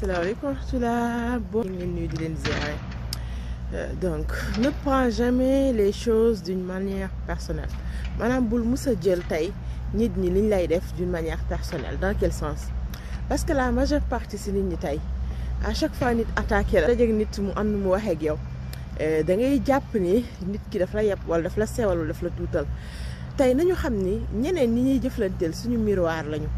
asalaamaaleykum wa rahmatulah boo ñu leen nuyu di leen ziare euh, donc ne prends jamais les choses d'une manière personnelle maanaam bul mus a jël tey nit ñi liñ lay def d'une manière personnelle dans quel sens parce que la majeure partie si nit ñi tey à chaque fois nit attaqué la dajeeg nit mu am nu mu waxee ak yow euh, da ngay jàpp ni nit ki daf la yeb wala daf la sewal wala daf la tuutal tey nañu xam ni ñeneen ñi ñuy jëflanteel suñu miroir lañu.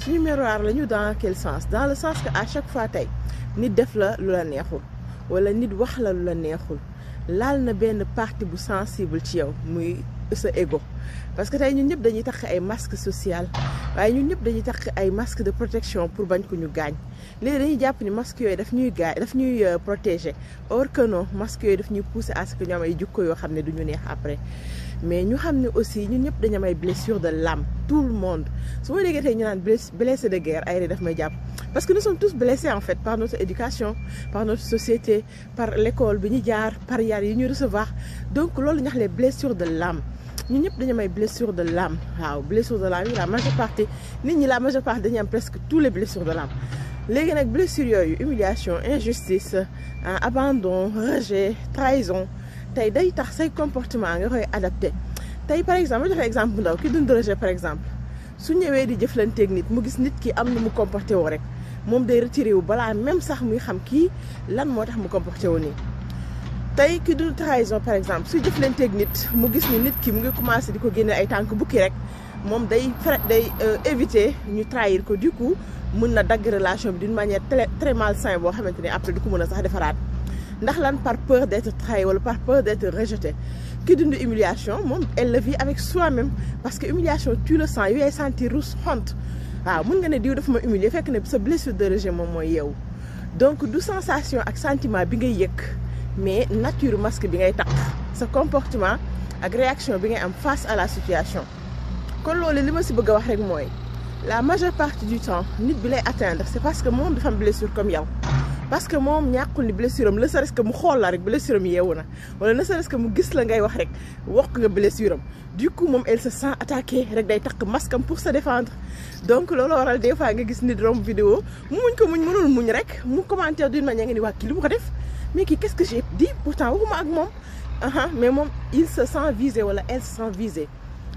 suñu miroir la ñu dans quel sens dans le sens que à chaque fois tey nit def la lu la neexul wala nit wax la lu la neexul laal na benn partie bu sensible ci yow muy sa ego parce que tey ñun ñëpp dañuy takk ay masque social waaye ñun ñëpp dañuy takk ay masque de protection pour bañ ku ñu gaañ léegi dañuy jàpp ni masque yooyu daf ñuy gaañ daf ñuy euh, protéger or que non masque yooyu daf ñuy pousser à ce que ñu ay jukko yoo xam ne duñu neex après mais ñu xam ne aussi ñun ñëpp dañu am ay blessure de l'âme tout le monde su ma déggee tey ñu naan blessé de guerre ay daf may jàpp parce que nous sommes tous blessés en fait par notre éducation par notre société par l'école bi jaar par yar yi ñu recevoir donc loolu ñax le blessures de l'âme ñun ñëpp dañu am ay blessure de l'âme waaw blessure de l'âme yi la majeure partie nit ñi la majeure partie dañu am presque tous les blessures de lam léegi nag blessure yooyu humiliation injustice abandon rejet trahison tey day tax say comportement nga koy adapté tey par exemple dafa exemple bu ndaw ki dund rejet par exemple su ñëwee di jëf jëflanteeg nit mu gis nit ki am nu mu comporté woo rek moom day retiré wu balaa même sax muy xam kii lan moo tax mu comporté wu nii. tey ki dund trahison par exemple su jëflanteeg nit mu gis ni nit ki mu ngi commencé di ko génne ay tànk bukki rek moom day day euh, éviter ñu trahir ko du coup mën na dagg relation bi d'une manière très très malsaine boo xamante ni après du ko mën a sax defaraat. ndax lan par peur d'être trahi wala par peur d'être rejeté ki dund humiliation moom elle le avec soi-même parce que humiliation tu le sens yow yaay sentir rus honte waaw mën nga ne diw dafa ma humilier fekk ne sa blessure de rejet moom mooy yeewu donc du sensation ak sentiment bi ngay yëg mais nature masque bi ngay takk sa comportement ak réaction bi ngay am face à la situation kon loolu li ma si bëgg a wax rek mooy la majeure partie du temps nit bi lay que moom dafa am blessure yow parce que moom ñàkkul ni blessure am ne serait-ce mu xool la rek blessure am yeewu na wala ne serait-ce que mu gis la ngay wax rek wax nga blessure am du coup moom elle se sent attaquée rek day takk masque am pour se défendre donc loolu waral des fois nga gis ni romb vidéo muñ ko muñ mënul muñ rek mu commentaire d'une manière nga ni waa kii lu mu ko def mais kii qu'est-ce que j'ai dit pourtant waxuma ak moom mais moom il se sent visé wala elle se sent visée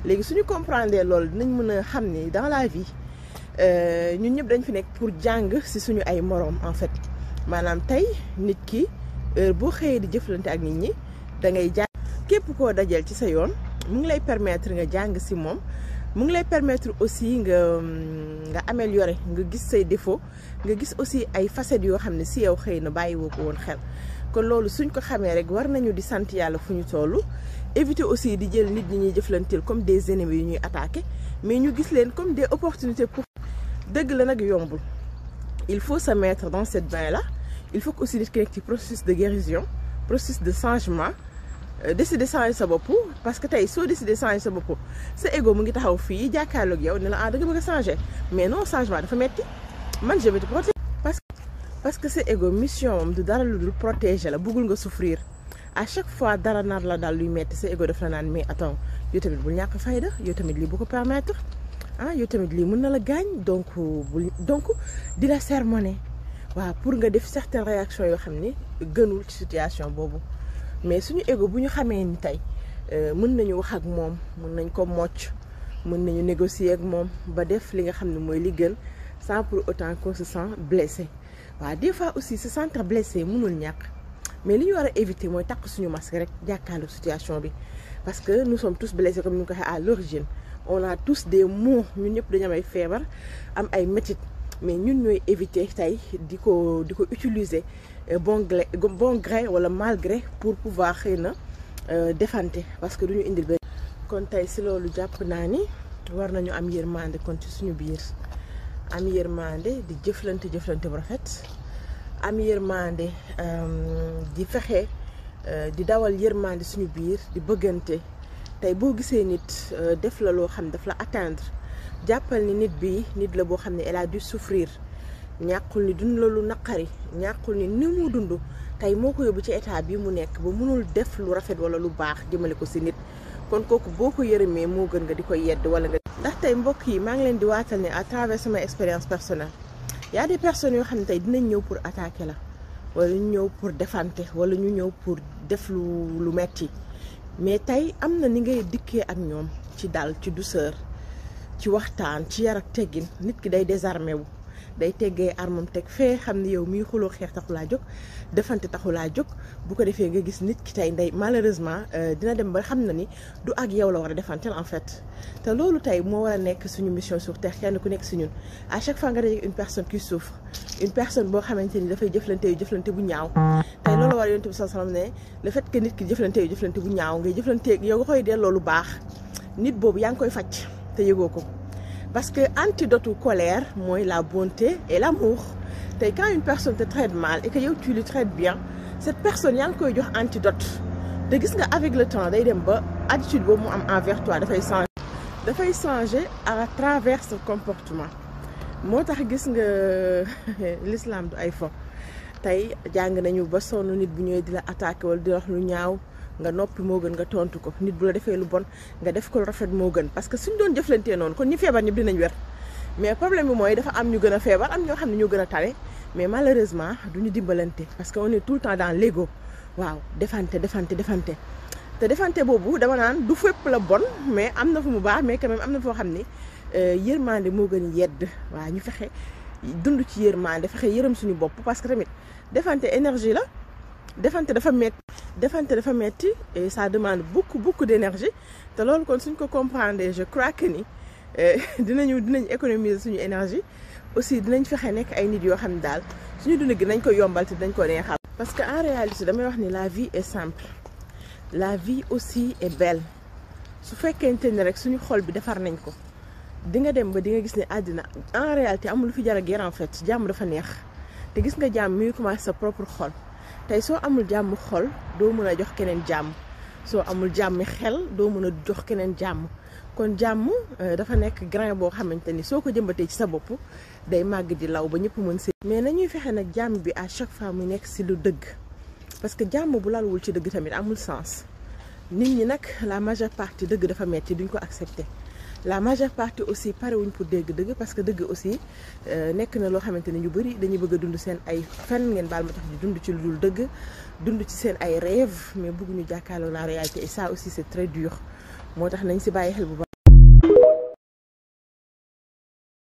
léegi suñu comprendre loolu dinañ mën a xam ni dans la vie euh, ñun ñëpp dañ fi nekk pour jàng si suñu ay moroom en maanaam tey nit ki heure boo xëyee di jëflante ak nit ñi da ngay jàng képp koo dajal ci sa yoon mu ngi lay permettre nga jàng si moom mu ngi lay permettre aussi nga mm, nga yore nga gis say défauts nga gis aussi ay facettes yoo xam ne si yow xëy na bàyyi woo ko woon xel kon loolu suñ ko xamee rek war nañu di sant yàlla fu ñu toll éviter aussi di jël nit ñi ñuy jëflanteel comme des ennemis yu ñuy attaquer mais ñu gis leen comme des opportunités pour dëgg la nag yombul il faut se mettre dans cette bain-là il faut que aussi nit ki nekk ci processus de guérison processus de changement euh, décider changer sa bopp parce que tey soo décider changer sa bopp sa ego mu ngi taxaw fii jàkkaarloog yow ne la ah da bëgg changer mais non changement dafa metti man je vais parce que parce que sa ego mission du dara lu dul protéger la bëggul nga souffrir à chaque fois dara nar la daal luy metti sa ego daf la naan mais attends yow tamit bul ñàkk fayda yow tamit lii ah yow tamit lii mën na la gaañ donc bul donc di la sermone waaw pour nga def certaines réactions yoo xam ni gënul ci situation boobu mais suñu égo bu ñu xamee ni tey euh, mën nañu wax ak moom mën nañ ko mocc mën nañu négocier ak moom ba def li nga xam ne mooy li gën sans pour autant qu'on se sent blessé waaw des fois aussi se sentir blessé mënul ñàkk. mais li ñu war a éviter mooy takk suñu masque rek jàkkaarloo situation bi parce que nous sommes tous blessés comme ni ñu ko waxee à l'origine on a tous de moo ñun ñëpp dañu am ay feebar am ay métit mais ñun ñooy éviter tey di ko di ko utiliser euh, bon gré bon gré wala mal pour pouvoir xëy na euh, defante parce que du ñu indil benn kon tey si loolu jàpp naa ni war nañu am yërmande kon ci suñu biir am yërmande di jëflante jëflante bu rafet am yërmande euh, di fexe euh, di dawal yërmande suñu biir di bëggante tey boo gisee nit euh, def la loo xam daf la atteindre jàppal ni nit bi nit la boo xam ne elle du dû souffrir ñàkkul ni dund la lu naqari ñàkkul ni ni mu dund tey moo ko yóbbu ci état bi mu nekk ba mënul def lu rafet wala lu baax jëmale ko si nit kon kooku boo ko yërëmee moo gën nga di ko yedd wala nga. ndax tey mbokk yi maa ngi leen di waatal ne à travers sama expérience personnelle. y a des yoo xam ne tey dinañ ñëw pour attaquer la wala ñu ñëw pour defante wala ñu ñëw pour def lu lu metti mais tey am na ni ngay dikkee ak ñoom ci dal ci douceur ci waxtaan ci yar ak teggin nit ki day désarmé wu. day teggee armam teg fee xam ne yow miy xuloo xeex laa jóg defante taxu laa jóg bu ko defee nga gis nit ki tey ndey malheureusement euh, dina dem ba xam na ni du ak yow la war a defanteel en fait te loolu tey moo war a nekk suñu mission sur terre kenn ku nekk si ñun à chaque fois nga dajeek une personne qui boo xamante ni dafay jëflante yu bu ñaaw tey loolu war yonent bi sallallahu fait que nit ki jëflante yu jëflante bu ñaaw ngay jëflante yow nga koy delloo lu baax nit boobu yaa ngi koy faj te yëgoo ko parce que antidote u colère mooy la bonté et l'amour tey quand une personne te traite mal et que yow tu lui traites bien cette personne yaa ngi koy jox antidote te gis nga avec le temps day dem ba attitude boobu mu am envers toi dafay changer dafay changer à travers ce comportement moo tax gis nga l'islam du ay fo tey jàng nañu ba sonn nit bu ñëwee di la attaqué wala di wax lu ñaaw nga noppi moo gën nga tontu ko nit bu la defee lu bon nga def ko lu rafet moo gën parce que suñ doon jëflantee noonu kon ñi feebar ñëpp dinañ wér mais problème bi mooy dafa am ñu gën a feebar am ñoo xam ne ñoo gën a tale mais malheureusement duñu dimbalante parce que on est tout le temps dans l'ego waaw defante defante defante te defante boobu dama naan du fépp la bon mais am na fu mu baax mais quand am na foo xam ne euh, yërmande moo gën yedd waaw ñu fexe dund ci yërmande fexe yërëm suñu bopp parce que tamit defante énergie la defante dafa metti defante dafa metti sa ça demande beaucoup beaucoup d'énergie te loolu kon suñ ko comprendre je crois que ni eh, dinañu dinañ économiser suñu énergie aussi dinañ fexe nekk ay nit yoo xam ne daal suñu dund gi nañ ko yombal te dañ ko neexal. parce que en réalité damay wax ni la vie et simple la vie aussi est belle su fekkente ni rek suñu xol bi defar nañ ko di nga dem ba di nga gis ne àddina en réalité amul lu fi jar a en fait jàmm dafa neex te gis nga jàmm mi ngi sa propre xol. tey soo amul jàmm xol doo mën a jox keneen jàmm soo amul jàmm xel doo mën a jox keneen jàmm kon jàmm euh, dafa nekk grain boo xamante ni soo ko jëmbatee ci sa bopp day màgg di law ba ñëpp mën si. mais nañuy fexe nag jàmm bi à chaque fois mu nekk si lu dëgg parce que jàmm bu lalwul ci dëgg tamit amul sens nit ñi nag la majeure partie dëgg dafa metti duñ ko accepter. la majeure partie aussi parewuñ pour dégg dëgg parce que dëgg aussi euh, nekk na loo xamante ne ñu bëri dañuy bëgg a dund seen ay fen ngeen baal ma tax dundu ci lu dul dëgg dund ci seen ay rêve mais bëgguñu jàkkaarloo la réalité et ça aussi c'est très dur moo tax nañ si bàyyi xel bu baax